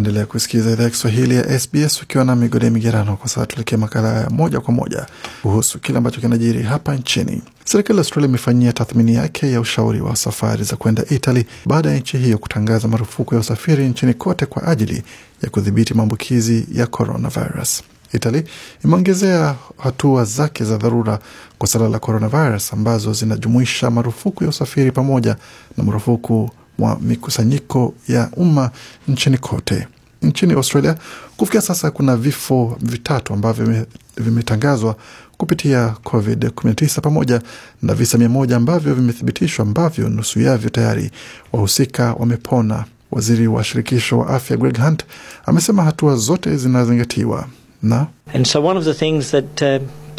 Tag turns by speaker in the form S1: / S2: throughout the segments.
S1: Waendelea kusikiliza idhaa ya Kiswahili ya SBS ukiwa na migode migerano. Kwa sasa tuelekea makala ya moja kwa moja kuhusu kile ambacho kinajiri hapa nchini. Serikali ya Australia imefanyia tathmini yake ya ushauri wa safari za kwenda Italy baada ya nchi hiyo kutangaza marufuku ya usafiri nchini kote kwa ajili ya kudhibiti maambukizi ya coronavirus. Italy imeongezea hatua zake za dharura kwa suala la coronavirus ambazo zinajumuisha marufuku ya usafiri pamoja na marufuku wa mikusanyiko ya umma nchini kote. Nchini Australia kufikia sasa kuna vifo vitatu ambavyo vimetangazwa kupitia COVID-19 pamoja na visa mia moja ambavyo vimethibitishwa ambavyo nusu yavyo tayari wahusika wamepona. Waziri wa shirikisho wa afya Greg Hunt amesema hatua zote zinazingatiwa na And so one of the that,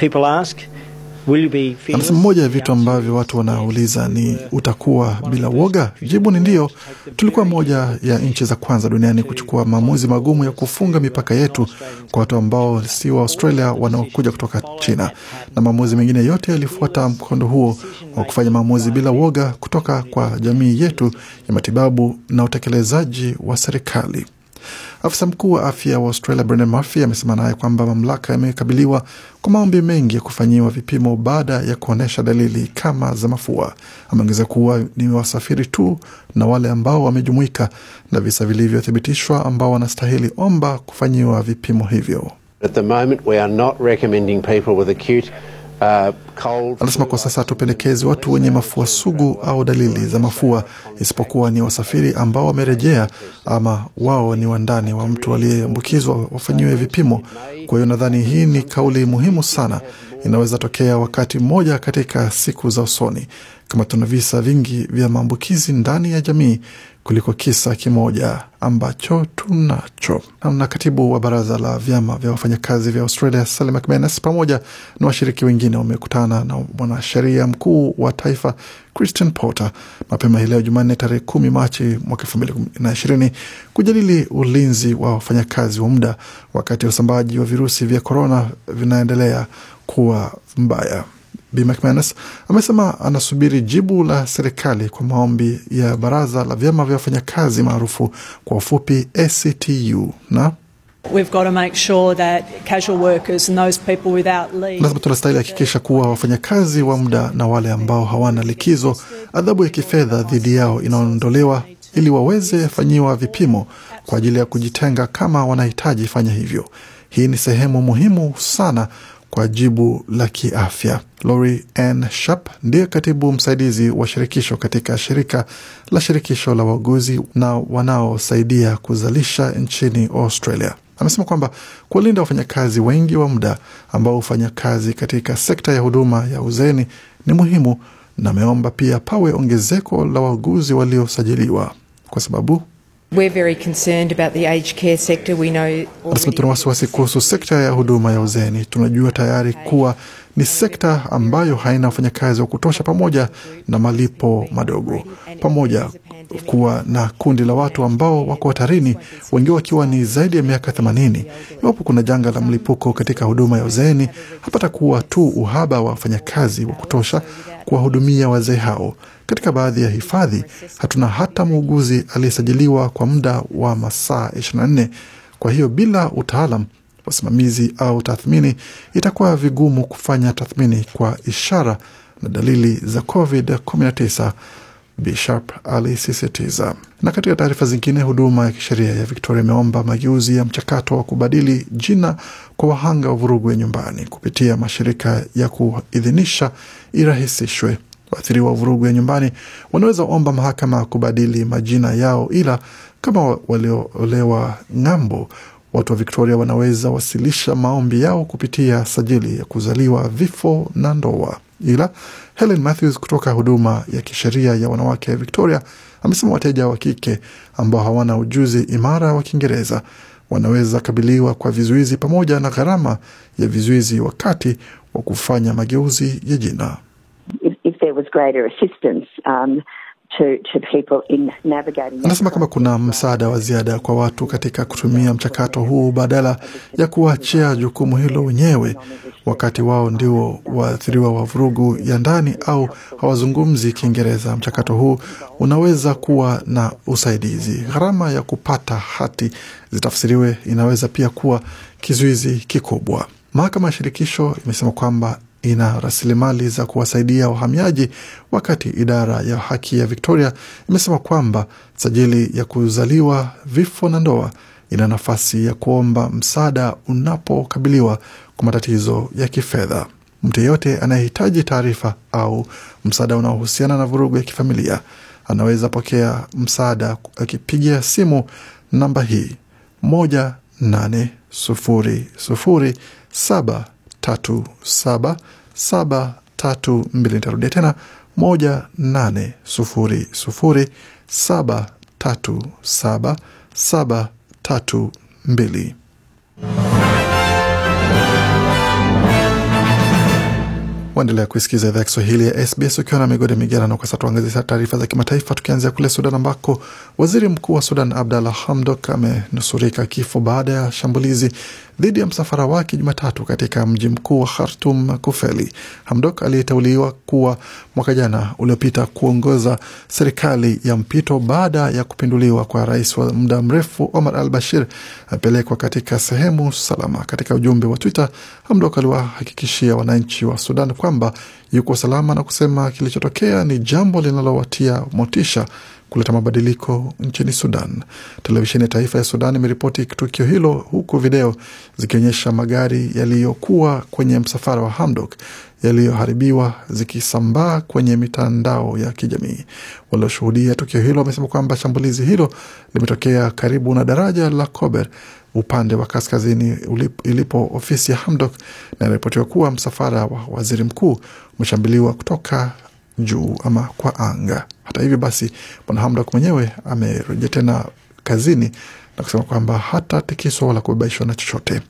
S1: uh, ask mmoja ya vitu ambavyo watu wanauliza ni uh, utakuwa bila woga? Jibu ni ndiyo. Tulikuwa moja ya nchi za kwanza duniani kuchukua maamuzi magumu ya kufunga mipaka yetu kwa watu ambao si wa Australia wanaokuja kutoka China, na maamuzi mengine yote yalifuata mkondo huo wa kufanya maamuzi bila woga kutoka kwa jamii yetu ya matibabu na utekelezaji wa serikali. Afisa mkuu wa afya wa Australia Brendan Murphy amesema naye kwamba mamlaka yamekabiliwa kwa maombi mengi ya kufanyiwa vipimo baada ya kuonyesha dalili kama za mafua. Ameongeza kuwa ni wasafiri tu na wale ambao wamejumuika na visa vilivyothibitishwa ambao wanastahili omba kufanyiwa vipimo hivyo. At the moment we are not recommending people with acute Anasema kwa sasa hatupendekezi watu wenye mafua sugu au dalili za mafua, isipokuwa ni wasafiri ambao wamerejea ama wao ni wandani wa mtu aliyeambukizwa wafanyiwe vipimo. Kwa hiyo nadhani hii ni kauli muhimu sana, inaweza tokea wakati mmoja katika siku za usoni, kama tuna visa vingi vya maambukizi ndani ya jamii kuliko kisa kimoja ambacho tunacho. Namna katibu wa baraza la vyama vya wafanyakazi vya Australia Sally McManus pamoja na washiriki wengine wamekutana na mwanasheria mkuu wa taifa Christian Porter mapema hii leo Jumanne tarehe kumi Machi mwaka elfu mbili na ishirini kujadili ulinzi wa wafanyakazi wa muda wakati wa usambaji wa virusi vya korona vinaendelea kuwa mbaya. B McManus amesema anasubiri jibu la serikali kwa maombi ya baraza la vyama vya wafanyakazi maarufu kwa ufupi ACTU na lazima tunastahili hakikisha kuwa wafanyakazi wa muda na wale ambao hawana likizo, adhabu ya kifedha dhidi yao inaondolewa ili waweze fanyiwa vipimo kwa ajili ya kujitenga kama wanahitaji fanya hivyo. Hii ni sehemu muhimu sana kwa jibu la kiafya. Lori n Sharp ndiye katibu msaidizi wa shirikisho katika shirika la shirikisho la wauguzi na wanaosaidia kuzalisha nchini Australia. Amesema kwamba kuwalinda wafanyakazi wengi wa muda ambao hufanya kazi katika sekta ya huduma ya uzeni ni muhimu, na ameomba pia pawe ongezeko la wauguzi waliosajiliwa kwa sababu Nasema tuna wasiwasi kuhusu sekta ya huduma ya uzeni. Tunajua tayari kuwa ni sekta ambayo haina wafanyakazi wa kutosha, pamoja na malipo madogo, pamoja kuwa na kundi la watu ambao wako hatarini, wengi wakiwa ni zaidi ya miaka 80. Iwapo kuna janga la mlipuko katika huduma ya uzeeni, hapata kuwa tu uhaba wa wafanyakazi wa kutosha kuwahudumia wazee hao. Katika baadhi ya hifadhi hatuna hata muuguzi aliyesajiliwa kwa muda wa masaa 24. Kwa hiyo bila utaalam wasimamizi au tathmini, itakuwa vigumu kufanya tathmini kwa ishara na dalili za COVID-19, Bishop alisisitiza. Na katika taarifa zingine, huduma ya kisheria ya Victoria imeomba mageuzi ya mchakato wa kubadili jina kwa wahanga wa vurugu ya nyumbani kupitia mashirika ya kuidhinisha irahisishwe. Waathiriwa wa vurugu ya nyumbani wanaweza omba mahakama kubadili majina yao, ila kama walioolewa ng'ambo Watu wa Victoria wanaweza wasilisha maombi yao kupitia sajili ya kuzaliwa, vifo na ndoa. Ila Helen Matthews kutoka huduma ya kisheria ya wanawake ya Victoria amesema wateja wa kike ambao hawana ujuzi imara wa Kiingereza wanaweza kabiliwa kwa vizuizi pamoja na gharama ya vizuizi wakati wa kufanya mageuzi ya jina. If there was greater assistance, um, To, to people in navigating. Anasema kama kuna msaada wa ziada kwa watu katika kutumia mchakato huu badala ya kuachia jukumu hilo wenyewe, wakati wao ndio waathiriwa wa vurugu ya ndani au hawazungumzi Kiingereza. Mchakato huu unaweza kuwa na usaidizi. Gharama ya kupata hati zitafsiriwe inaweza pia kuwa kizuizi kikubwa. Mahakama ya shirikisho imesema kwamba ina rasilimali za kuwasaidia wahamiaji, wakati idara ya haki ya Victoria imesema kwamba sajili ya kuzaliwa, vifo na ndoa ina nafasi ya kuomba msaada unapokabiliwa kwa matatizo ya kifedha. Mtu yeyote anayehitaji taarifa au msaada unaohusiana na vurugu ya kifamilia anaweza pokea msaada akipigia simu namba hii moja nane sufuri sufuri saba tatu saba saba tatu mbili. Nitarudia tena moja nane sufuri sufuri saba tatu saba saba tatu mbili. Waendelea kuisikiza idhaa ya Kiswahili ya SBS ukiwa na migode migerano. Kwa sasa tuangazia taarifa za kimataifa, tukianzia kule Sudan ambako waziri mkuu wa Sudan Abdallah Hamdok amenusurika kifo baada ya shambulizi dhidi ya msafara wake Jumatatu katika mji mkuu wa Khartum kufeli. Hamdok aliyeteuliwa kuwa mwaka jana uliopita kuongoza serikali ya mpito baada ya kupinduliwa kwa rais wa muda mrefu Omar al Bashir apelekwa katika sehemu salama. Katika ujumbe wa Twitter, Hamdok aliwahakikishia wananchi wa Sudan kwamba yuko salama na kusema kilichotokea ni jambo linalowatia motisha kuleta mabadiliko nchini Sudan. Televisheni ya taifa ya Sudan imeripoti tukio hilo, huku video zikionyesha magari yaliyokuwa kwenye msafara wa Hamdok yaliyoharibiwa zikisambaa kwenye mitandao ya kijamii. Walioshuhudia tukio hilo wamesema kwamba shambulizi hilo limetokea karibu na daraja la Kober upande wa kaskazini ilipo ofisi ya Hamdok, na inaripotiwa kuwa msafara wa waziri mkuu umeshambuliwa kutoka juu ama kwa anga. Hata hivyo basi, Bwana Hamdok mwenyewe amerejea tena kazini na kusema kwamba hatatikiswa wala kubabaishwa na chochote.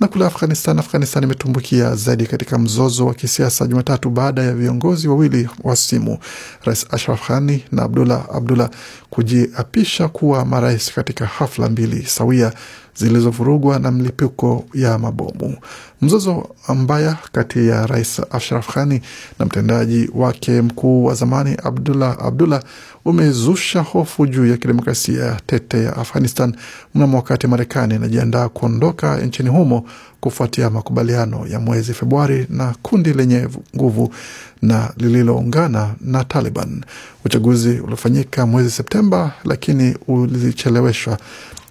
S1: Na kule Afghanistan, Afghanistan imetumbukia zaidi katika mzozo wa kisiasa Jumatatu baada ya viongozi wawili wa simu, Rais Ashraf Ghani na Abdullah Abdullah kujiapisha kuwa marais katika hafla mbili sawia zilizovurugwa na mlipuko ya mabomu. Mzozo mbaya kati ya Rais Ashraf Ghani na mtendaji wake mkuu wa zamani Abdullah Abdullah umezusha hofu juu ya kidemokrasia tete ya Afghanistan mnamo wakati Marekani inajiandaa kuondoka nchini humo kufuatia makubaliano ya mwezi Februari na kundi lenye nguvu na lililoungana na Taliban uchaguzi uliofanyika mwezi Septemba, lakini ulicheleweshwa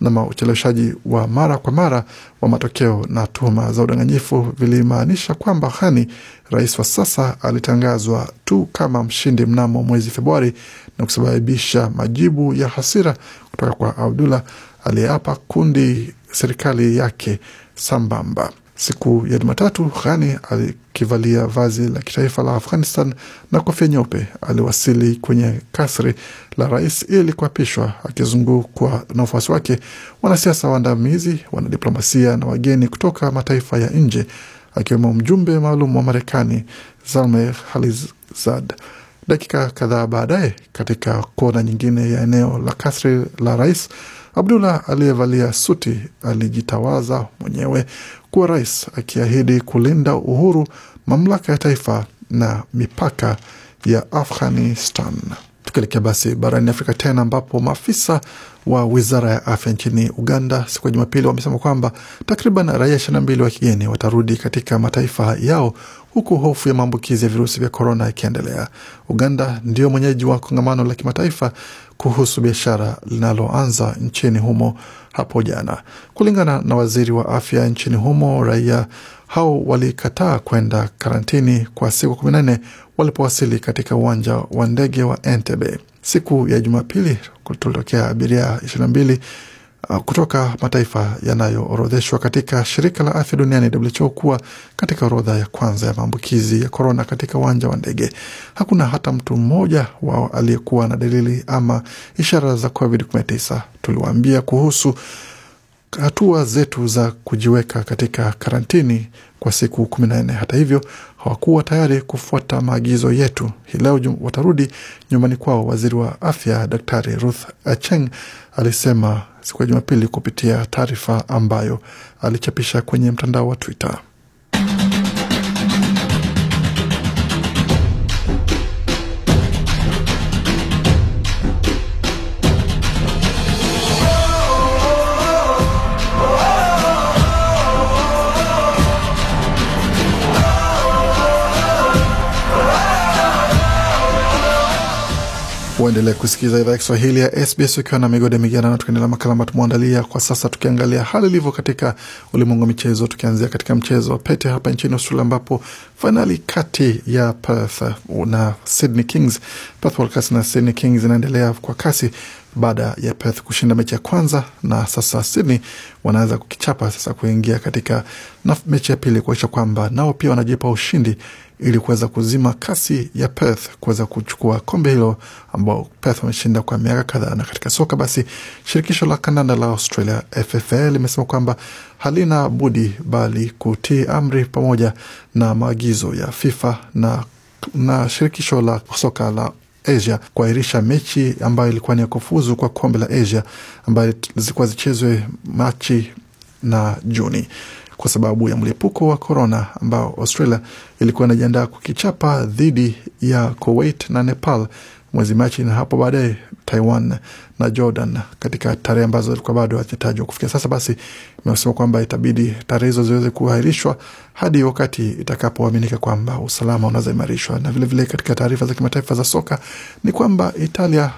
S1: na ucheleweshaji wa mara kwa mara wa matokeo na tuhuma za udanganyifu vilimaanisha kwamba hani rais wa sasa, alitangazwa tu kama mshindi mnamo mwezi Februari na kusababisha majibu ya hasira kutoka kwa Abdullah aliyeapa kundi serikali yake sambamba. Siku ya Jumatatu, Ghani akivalia vazi la kitaifa la Afghanistan na kofia nyeupe aliwasili kwenye kasri la rais ili kuapishwa, akizungukwa na wafuasi wake, wanasiasa waandamizi, wanadiplomasia na wageni kutoka mataifa ya nje, akiwemo mjumbe maalum wa Marekani Zalmay Khalilzad. Dakika kadhaa baadaye, katika kona nyingine ya eneo la kasri la rais, Abdullah aliyevalia suti alijitawaza mwenyewe kuwa rais akiahidi kulinda uhuru, mamlaka ya taifa na mipaka ya Afghanistan. Tukielekea basi barani Afrika tena, ambapo maafisa wa wizara ya afya nchini Uganda siku ya Jumapili wamesema kwamba takriban raia ishirini na mbili wa kigeni watarudi katika mataifa yao huku hofu ya maambukizi ya virusi vya korona ikiendelea. Uganda ndio mwenyeji wa kongamano la kimataifa kuhusu biashara linaloanza nchini humo hapo jana. Kulingana na waziri wa afya nchini humo, raia hao walikataa kwenda karantini kwa siku kumi na nne walipowasili katika uwanja wa ndege wa Entebbe siku ya Jumapili. Tulitokea abiria ishirini na mbili Uh, kutoka mataifa yanayoorodheshwa katika shirika la afya duniani WHO kuwa katika orodha ya kwanza ya maambukizi ya korona katika uwanja wa ndege. Hakuna hata mtu mmoja wao aliyekuwa na dalili ama ishara za COVID-19. Tuliwaambia kuhusu hatua zetu za kujiweka katika karantini kwa siku kumi na nne. Hata hivyo hawakuwa tayari kufuata maagizo yetu. Hii leo watarudi nyumbani kwao. Waziri wa afya Daktari Ruth Acheng alisema siku ya Jumapili kupitia taarifa ambayo alichapisha kwenye mtandao wa Twitter. Waendelea kusikiliza idhaa ya Kiswahili ya SBS ukiwa na migode migerano, tukaendelea makala ambayo tumeandalia kwa sasa, tukiangalia hali ilivyo katika ulimwengu wa michezo, tukianzia katika mchezo wa pete hapa nchini Australia, ambapo fainali kati ya Perth na Sydney Kings, Perth Wildcats na Sydney Kings inaendelea kwa kasi baada ya Perth kushinda mechi ya kwanza na sasa Sydney wanaweza kukichapa sasa kuingia katika mechi ya pili kuakisha kwamba nao pia wanajipa ushindi ili kuweza kuzima kasi ya Perth kuweza kuchukua kombe hilo ambao Perth wameshinda kwa miaka kadhaa. Na katika soka basi, shirikisho la kandanda la Australia FFA limesema kwamba halina budi bali kutii amri pamoja na maagizo ya FIFA na, na shirikisho la soka la Asia kuahirisha mechi ambayo ilikuwa ni ya kufuzu kwa kombe la Asia ambayo zilikuwa zichezwe Machi na Juni kwa sababu ya mlipuko wa korona ambao Australia ilikuwa inajiandaa kukichapa dhidi ya Kuwait na Nepal mwezi Machi na hapo baadaye Taiwan na Jordan katika tarehe ambazo zilikuwa bado hazitajwa kufikia sasa. Basi imesema kwamba itabidi tarehe hizo ziweze kuahirishwa hadi wakati itakapoaminika kwamba usalama unaweza imarishwa. Na vilevile vile katika taarifa za kimataifa za soka ni kwamba Italia,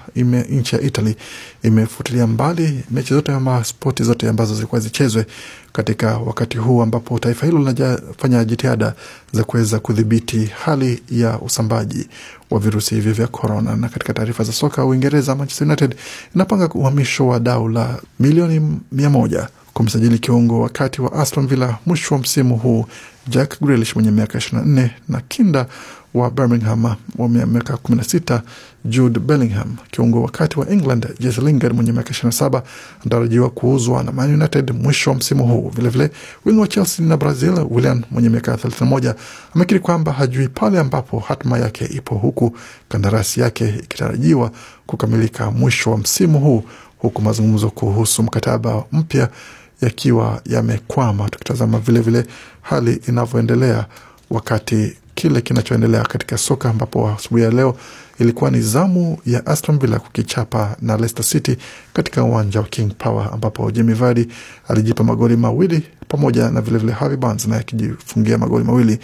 S1: nchi ya Italy imefutilia mbali mechi zote ama spoti zote ambazo zilikuwa zichezwe katika wakati huu ambapo taifa hilo linafanya jitihada za kuweza kudhibiti hali ya usambaji wa virusi hivyo vya korona. Na katika taarifa za soka, Uingereza, Manchester United inapanga uhamisho wa dau la milioni mia moja kumsajili kiungo wakati wa Aston Villa mwisho wa msimu huu Jack Grealish mwenye miaka 24 na kinda wa Birmingham wa miaka 16 Jude Bellingham, kiungo wakati wa England Jesse Lingard mwenye miaka 27 anatarajiwa kuuzwa na Man United mwisho wa msimu huu. Vilevile wingi wa Chelsea na Brazil Willian mwenye miaka 31 amekiri kwamba hajui pale ambapo hatima yake ipo, huku kandarasi yake ikitarajiwa kukamilika mwisho wa msimu huu, huku mazungumzo kuhusu mkataba mpya yakiwa yamekwama. Tukitazama vilevile hali inavyoendelea wakati kile kinachoendelea katika soka ambapo asubuhi ya leo ilikuwa ni zamu ya Aston Villa kukichapa na Leicester City katika uwanja wa King Power ambapo Jamie Vardy alijipa magoli mawili pamoja na vilevile Harvey Barnes naye akijifungia magoli mawili.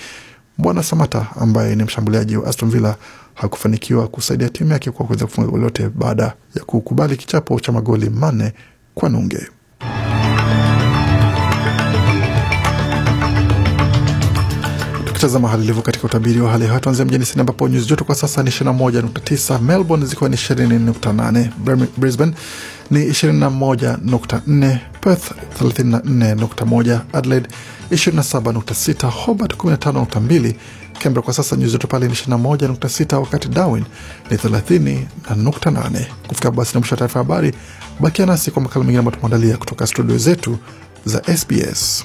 S1: Bwana Samata ambaye ni mshambuliaji wa Aston Villa hakufanikiwa kusaidia timu yake kwa kuweza kufunga goli lote baada ya kukubali kichapo cha magoli manne kwa nunge. Tukitazama hali ilivyo katika utabiri wa hali ya hewa, tuanzia mjini Sydney ambapo nyuzi joto kwa sasa ni 21.9, Melbourne zikiwa ni 20.8, Brisbane ni 21.4, Perth 34.1, Adelaide 27.6, Hobart 15.2, Canberra kwa sasa nyuzi joto pale ni 21.6, wakati Darwin ni 30.8. Kufika basi na mwisho wa taarifa habari, bakia nasi kwa makala mengine ambayo tumeandalia kutoka studio zetu za SBS.